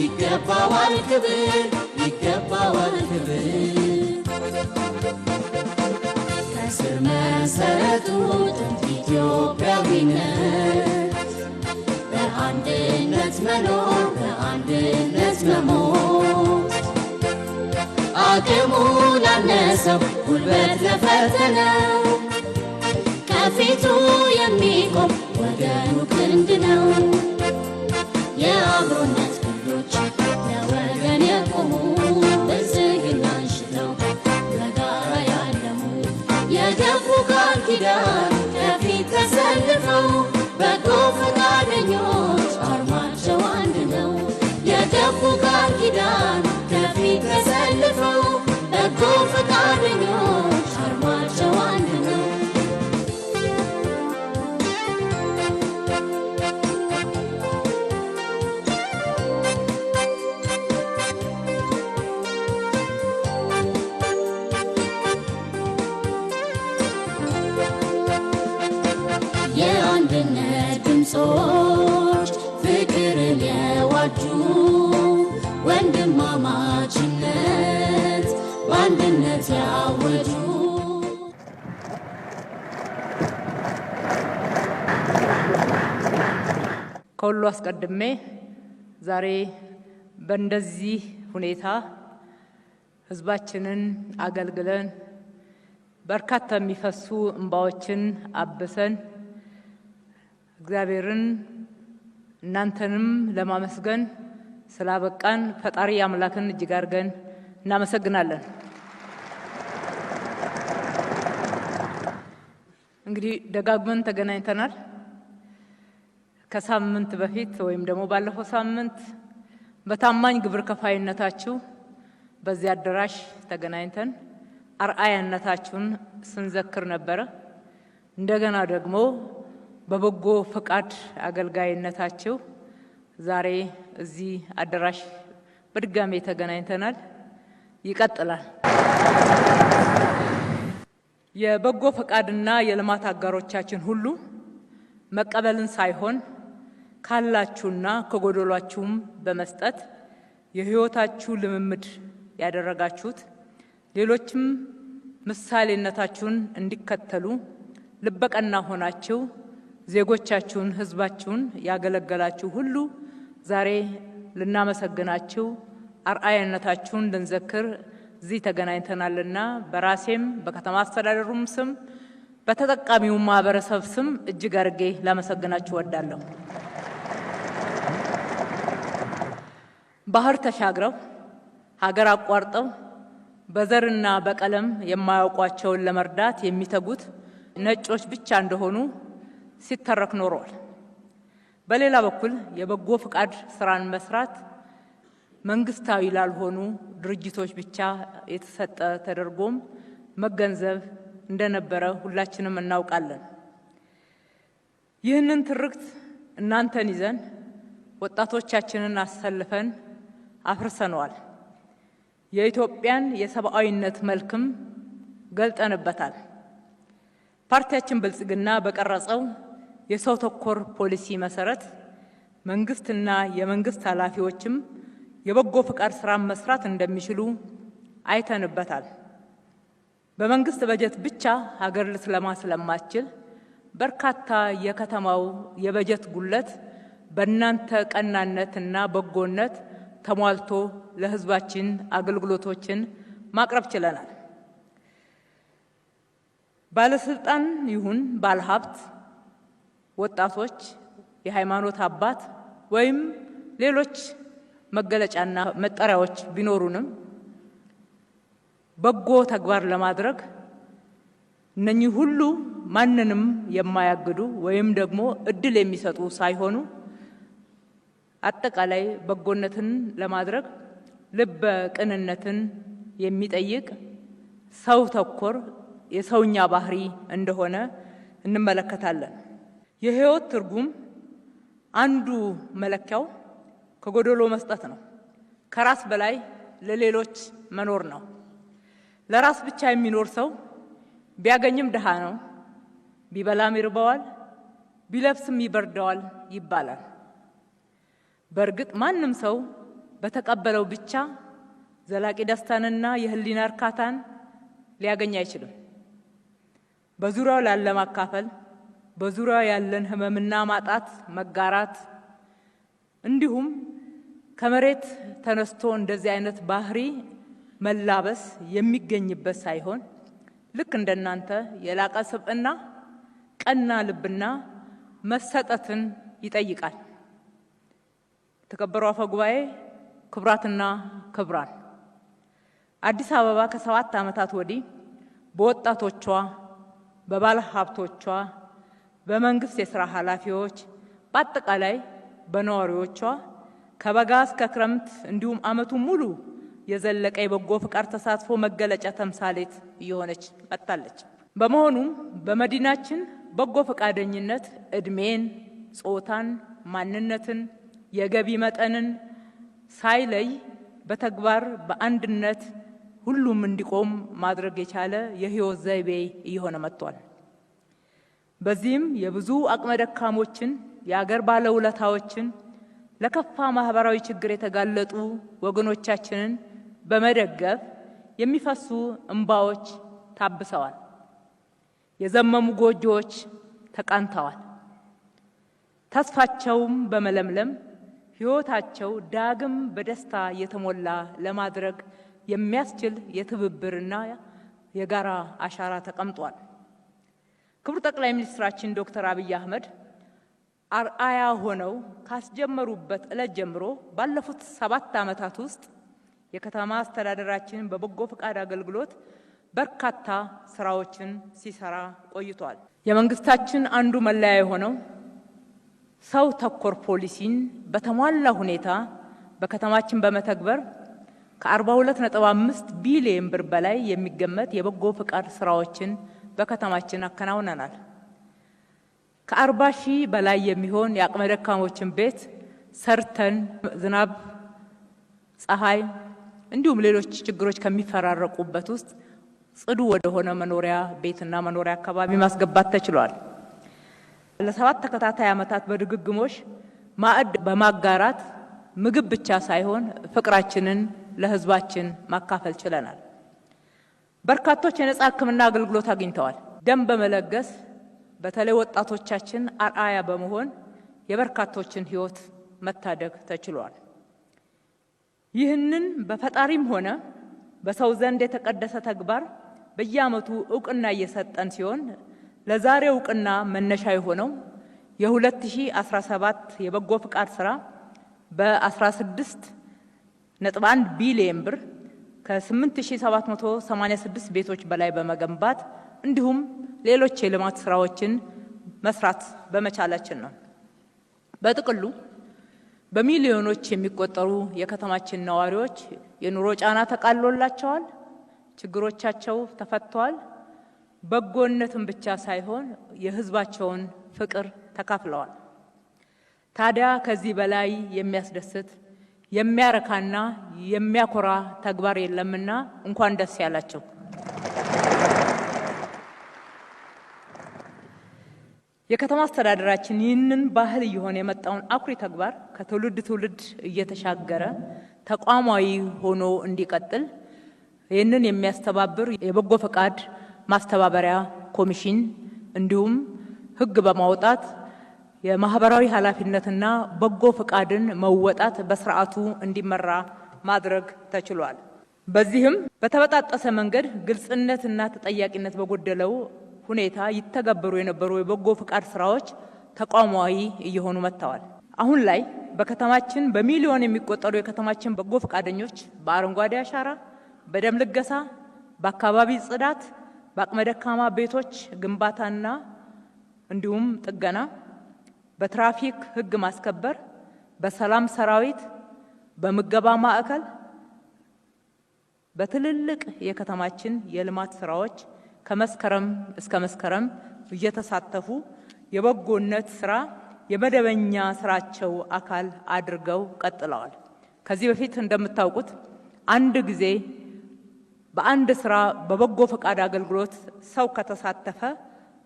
ይገባዋል ክብር ይገባዋል ክብር ከስር መሰረቱ ጥንት ኢትዮጵያዊነት በአንድነት መኖር በአንድነት መሞት አቅሙ ላነሰው ጉልበት ለፈተነው ከፊቱ የሚቆም ወገኑ ክንድ ነው የአብሮነት የቆሙ ብልጽግና ያለሙ የገፉ ቃል ኪዳን ከፊት ተሰልፈው በጎ ፈቃደኞች ልጆች ፍቅርን የዋጁ ወንድማማችነት በአንድነት ያወጁ ከሁሉ አስቀድሜ ዛሬ በእንደዚህ ሁኔታ ህዝባችንን አገልግለን በርካታ የሚፈሱ እንባዎችን አብሰን እግዚአብሔርን እናንተንም ለማመስገን ስላበቃን ፈጣሪ አምላክን እጅግ አድርገን እናመሰግናለን። እንግዲህ ደጋግመን ተገናኝተናል። ከሳምንት በፊት ወይም ደግሞ ባለፈው ሳምንት በታማኝ ግብር ከፋይነታችሁ በዚህ አዳራሽ ተገናኝተን አርአያነታችሁን ስንዘክር ነበረ። እንደገና ደግሞ በበጎ ፈቃድ አገልጋይነታቸው ዛሬ እዚህ አዳራሽ በድጋሜ ተገናኝተናል። ይቀጥላል። የበጎ ፈቃድና የልማት አጋሮቻችን ሁሉ መቀበልን ሳይሆን ካላችሁና ከጎደሏችሁም በመስጠት የሕይወታችሁ ልምምድ ያደረጋችሁት ሌሎችም ምሳሌነታችሁን እንዲከተሉ ልበቀና ሆናችሁ ዜጎቻችሁን፣ ህዝባችሁን ያገለገላችሁ ሁሉ ዛሬ ልናመሰግናችሁ አርአያነታችሁን ልንዘክር እዚህ ተገናኝተናልና በራሴም በከተማ አስተዳደሩም ስም በተጠቃሚው ማህበረሰብ ስም እጅግ አድርጌ ላመሰግናችሁ ወዳለሁ። ባህር ተሻግረው ሀገር አቋርጠው በዘርና በቀለም የማያውቋቸውን ለመርዳት የሚተጉት ነጮች ብቻ እንደሆኑ ሲተረክ ኖረዋል። በሌላ በኩል የበጎ ፍቃድ ስራን መስራት መንግስታዊ ላልሆኑ ድርጅቶች ብቻ የተሰጠ ተደርጎም መገንዘብ እንደነበረ ሁላችንም እናውቃለን። ይህንን ትርክት እናንተን ይዘን ወጣቶቻችንን አሰልፈን አፍርሰነዋል። የኢትዮጵያን የሰብአዊነት መልክም ገልጠንበታል። ፓርቲያችን ብልጽግና በቀረጸው የሰው ተኮር ፖሊሲ መሰረት መንግስትና የመንግስት ኃላፊዎችም የበጎ ፍቃድ ስራን መስራት እንደሚችሉ አይተንበታል። በመንግስት በጀት ብቻ ሀገር ልትለማ ስለማትችል በርካታ የከተማው የበጀት ጉለት በእናንተ ቀናነትና በጎነት ተሟልቶ ለህዝባችን አገልግሎቶችን ማቅረብ ችለናል። ባለስልጣን ይሁን ባለሀብት ወጣቶች፣ የሃይማኖት አባት ወይም ሌሎች መገለጫና መጠሪያዎች ቢኖሩንም በጎ ተግባር ለማድረግ እነኚህ ሁሉ ማንንም የማያግዱ ወይም ደግሞ እድል የሚሰጡ ሳይሆኑ አጠቃላይ በጎነትን ለማድረግ ልበ ቅንነትን የሚጠይቅ ሰው ተኮር የሰውኛ ባህሪ እንደሆነ እንመለከታለን። የህይወት ትርጉም አንዱ መለኪያው ከጎደሎ መስጠት ነው። ከራስ በላይ ለሌሎች መኖር ነው። ለራስ ብቻ የሚኖር ሰው ቢያገኝም ድሃ ነው፣ ቢበላም ይርበዋል፣ ቢለብስም ይበርደዋል ይባላል። በእርግጥ ማንም ሰው በተቀበለው ብቻ ዘላቂ ደስታንና የህሊና እርካታን ሊያገኝ አይችልም። በዙሪያው ላለ ማካፈል በዙሪያ ያለን ህመምና ማጣት መጋራት፣ እንዲሁም ከመሬት ተነስቶ እንደዚህ አይነት ባህሪ መላበስ የሚገኝበት ሳይሆን ልክ እንደናንተ የላቀ ስብዕና፣ ቀና ልብና መሰጠትን ይጠይቃል። የተከበሩ አፈ ጉባኤ፣ ክቡራትና ክቡራን፣ አዲስ አበባ ከሰባት ዓመታት ወዲህ በወጣቶቿ በባለ ሀብቶቿ በመንግስት የስራ ኃላፊዎች፣ በአጠቃላይ በነዋሪዎቿ ከበጋ እስከ ክረምት እንዲሁም አመቱ ሙሉ የዘለቀ የበጎ ፍቃድ ተሳትፎ መገለጫ ተምሳሌት እየሆነች መጥታለች። በመሆኑም በመዲናችን በጎ ፈቃደኝነት እድሜን፣ ጾታን፣ ማንነትን፣ የገቢ መጠንን ሳይለይ በተግባር በአንድነት ሁሉም እንዲቆም ማድረግ የቻለ የህይወት ዘይቤ እየሆነ መጥቷል። በዚህም የብዙ አቅመ ደካሞችን የአገር ባለውለታዎችን ለከፋ ማህበራዊ ችግር የተጋለጡ ወገኖቻችንን በመደገፍ የሚፈሱ እንባዎች ታብሰዋል። የዘመሙ ጎጆዎች ተቃንተዋል። ተስፋቸውም በመለምለም ሕይወታቸው ዳግም በደስታ የተሞላ ለማድረግ የሚያስችል የትብብርና የጋራ አሻራ ተቀምጧል። ክቡር ጠቅላይ ሚኒስትራችን ዶክተር አብይ አህመድ አርአያ ሆነው ካስጀመሩበት ዕለት ጀምሮ ባለፉት ሰባት ዓመታት ውስጥ የከተማ አስተዳደራችን በበጎ ፈቃድ አገልግሎት በርካታ ስራዎችን ሲሰራ ቆይቷል። የመንግስታችን አንዱ መለያ የሆነው ሰው ተኮር ፖሊሲን በተሟላ ሁኔታ በከተማችን በመተግበር ከ42.5 ቢሊዮን ብር በላይ የሚገመት የበጎ ፈቃድ ስራዎችን በከተማችን አከናውነናል። ከአርባ ሺህ በላይ የሚሆን የአቅመ ደካሞችን ቤት ሰርተን ዝናብ፣ ፀሐይ እንዲሁም ሌሎች ችግሮች ከሚፈራረቁበት ውስጥ ጽዱ ወደሆነ መኖሪያ ቤትና መኖሪያ አካባቢ ማስገባት ተችሏል። ለሰባት ተከታታይ ዓመታት በድግግሞሽ ማዕድ በማጋራት ምግብ ብቻ ሳይሆን ፍቅራችንን ለሕዝባችን ማካፈል ችለናል። በርካቶች የነጻ ህክምና አገልግሎት አግኝተዋል። ደም በመለገስ በተለይ ወጣቶቻችን አርአያ በመሆን የበርካቶችን ህይወት መታደግ ተችሏል። ይህንን በፈጣሪም ሆነ በሰው ዘንድ የተቀደሰ ተግባር በየዓመቱ እውቅና እየሰጠን ሲሆን ለዛሬ እውቅና መነሻ የሆነው የ2017 የበጎ ፍቃድ ስራ በ16 ነጥብ 1 ቢሊየን ብር ከ8786 ቤቶች በላይ በመገንባት እንዲሁም ሌሎች የልማት ስራዎችን መስራት በመቻላችን ነው። በጥቅሉ በሚሊዮኖች የሚቆጠሩ የከተማችን ነዋሪዎች የኑሮ ጫና ተቃሎላቸዋል፣ ችግሮቻቸው ተፈተዋል። በጎነትም ብቻ ሳይሆን የህዝባቸውን ፍቅር ተካፍለዋል። ታዲያ ከዚህ በላይ የሚያስደስት የሚያረካና የሚያኮራ ተግባር የለምና እንኳን ደስ ያላቸው። የከተማ አስተዳደራችን ይህንን ባህል እየሆነ የመጣውን አኩሪ ተግባር ከትውልድ ትውልድ እየተሻገረ ተቋማዊ ሆኖ እንዲቀጥል ይህንን የሚያስተባብር የበጎ ፈቃድ ማስተባበሪያ ኮሚሽን እንዲሁም ሕግ በማውጣት የማህበራዊ ኃላፊነትና በጎ ፈቃድን መወጣት በስርዓቱ እንዲመራ ማድረግ ተችሏል። በዚህም በተበጣጠሰ መንገድ ግልጽነትና ተጠያቂነት በጎደለው ሁኔታ ይተገበሩ የነበሩ የበጎ ፈቃድ ስራዎች ተቋማዊ እየሆኑ መጥተዋል። አሁን ላይ በከተማችን በሚሊዮን የሚቆጠሩ የከተማችን በጎ ፈቃደኞች በአረንጓዴ አሻራ፣ በደም ልገሳ፣ በአካባቢ ጽዳት፣ በአቅመ ደካማ ቤቶች ግንባታና እንዲሁም ጥገና በትራፊክ ህግ ማስከበር፣ በሰላም ሰራዊት፣ በምገባ ማዕከል፣ በትልልቅ የከተማችን የልማት ስራዎች ከመስከረም እስከ መስከረም እየተሳተፉ የበጎነት ስራ የመደበኛ ስራቸው አካል አድርገው ቀጥለዋል። ከዚህ በፊት እንደምታውቁት አንድ ጊዜ በአንድ ስራ በበጎ ፈቃድ አገልግሎት ሰው ከተሳተፈ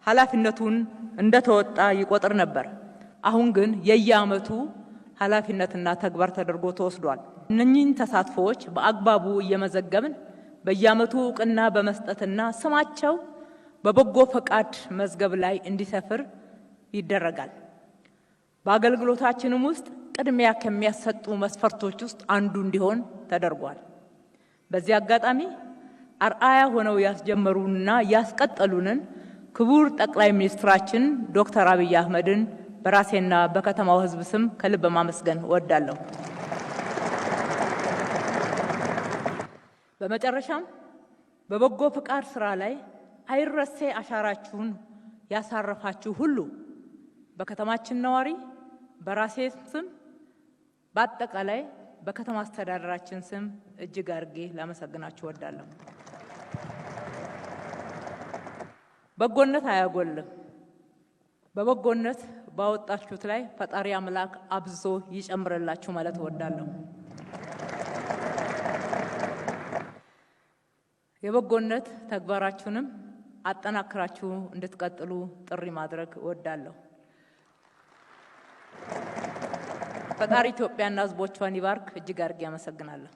ኃላፊነቱን እንደተወጣ ይቆጥር ነበር። አሁን ግን የየዓመቱ ኃላፊነትና ተግባር ተደርጎ ተወስዷል። እነኚህን ተሳትፎዎች በአግባቡ እየመዘገብን በየዓመቱ እውቅና በመስጠትና ስማቸው በበጎ ፈቃድ መዝገብ ላይ እንዲሰፍር ይደረጋል። በአገልግሎታችንም ውስጥ ቅድሚያ ከሚያሰጡ መስፈርቶች ውስጥ አንዱ እንዲሆን ተደርጓል። በዚህ አጋጣሚ አርአያ ሆነው ያስጀመሩንና ያስቀጠሉንን ክቡር ጠቅላይ ሚኒስትራችን ዶክተር አብይ አህመድን በራሴና በከተማው ህዝብ ስም ከልብ ማመስገን እወዳለሁ። በመጨረሻም በበጎ ፍቃድ ስራ ላይ አይረሴ አሻራችሁን ያሳረፋችሁ ሁሉ በከተማችን ነዋሪ፣ በራሴ ስም፣ በአጠቃላይ በከተማ አስተዳደራችን ስም እጅግ አድርጌ ላመሰግናችሁ እወዳለሁ። በጎነት አያጎልም። በበጎነት ባወጣችሁት ላይ ፈጣሪ አምላክ አብዞ ይጨምርላችሁ ማለት እወዳለሁ። የበጎነት ተግባራችሁንም አጠናክራችሁ እንድትቀጥሉ ጥሪ ማድረግ እወዳለሁ። ፈጣሪ ኢትዮጵያና ሕዝቦቿን ይባርክ። እጅግ አድርጌ አመሰግናለሁ።